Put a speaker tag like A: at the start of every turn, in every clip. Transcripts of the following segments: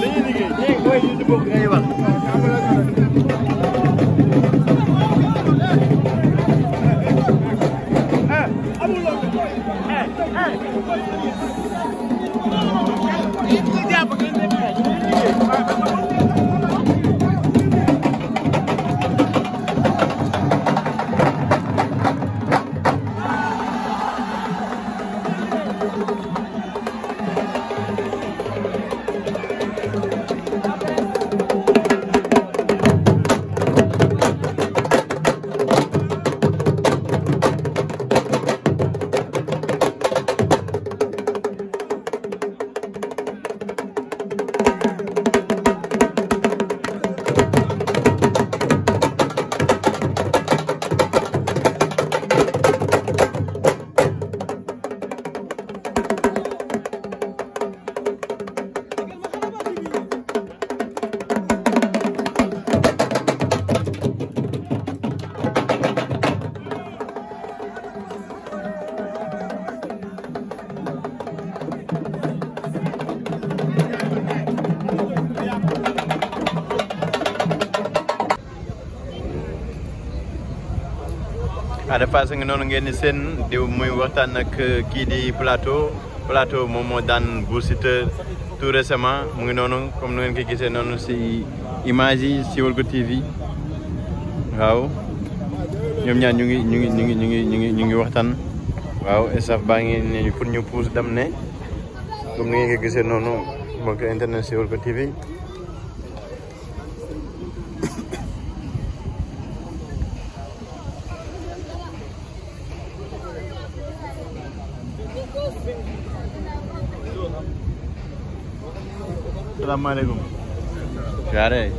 A: ñooñu dañuy liggéey ñeeg mooy ñu bokk ngay wax Ada Fass nga noonu ngeen di seen di muy waxtaan ak eh, kii di plateau plateau moom moo daan Bou Siteu tout récemment mu ngi noonu comme nu ngeen ko gisee noonu si image yi si Siweulko TV waaw ñoom ñaar ñu ngi ñu ngi ñu ngi ñu ngi ñu ngi ñu ngi waxtaan waaw staff baa ngi nii pour ñu puus dem ne comme ni ngeen ko gisee noonu mbokk internet Siweulko TV. salaamaaleykum. jaaree.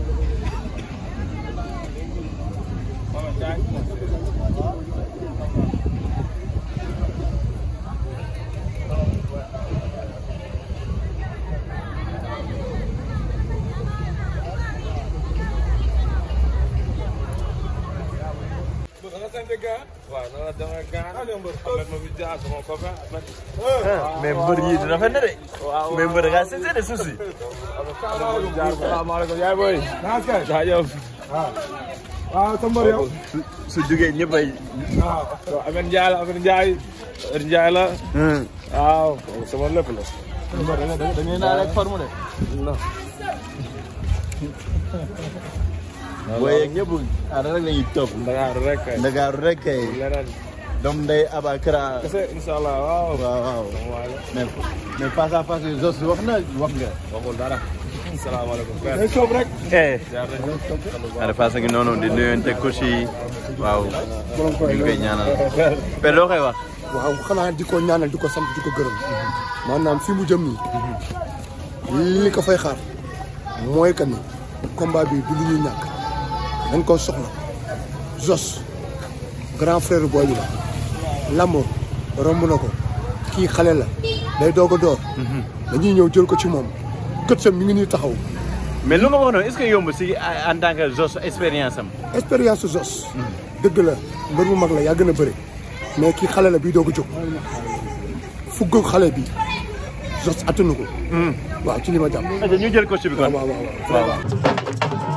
B: mais mbër yi dina fa ne de. waaw mais mbër da ngaa seetee de suuf si. salaamaaleykum yaay booy. jaajëf. waaw. waaw sa mbër yow. su su jugee ñëppay. waaw Ameth Ndiaye la Ameth Ndiaye. Ameth Ndiaye la.
A: waaw sama lépp la. da ngay naan rek forme
B: de. non.
A: booy yeeg ñëpp ah rek la ñuy topp. Ndakaaru rek kay. Ndakaaru rek kay. leneen. doomu ndey Abakara. kese incha allah waaw. waaw waaw. mais mais face à face yi Zoss wax na wax nga. waxul dara. salaamaaleykum. day soob rek. Ada a ngi noonu di nuyonteeg coach yi waaw. ñu koy ñaanal.
B: mais loo koy wax. waaw xanaa di ko ñaanal di ko sant di ko gërëm. maanaam fi mu jëm nii. li ko fay xaar. mooy que ni. combat bi du ñuy ñàkk. dañ koo soxla. Zos. grand frère booy bi la. Lambo romb na ko. kii xale la. day doog door. Mhm. dañuy ñëw jël ko ci moom. kët sam mi ngi nii taxaw.
A: mais lu nga wax noonu est-ce que yomb si ah, en tant que Zoss expérience am.
B: expérience su Zoss. Hmm. dëgg la mbër bu mag la yaa na a bëri mais kii xale la bii doog a jóg fugg xale bi Zoss attanu ko. Hmm. waaw ci li ma jàpp. ñu jël ko si bi kon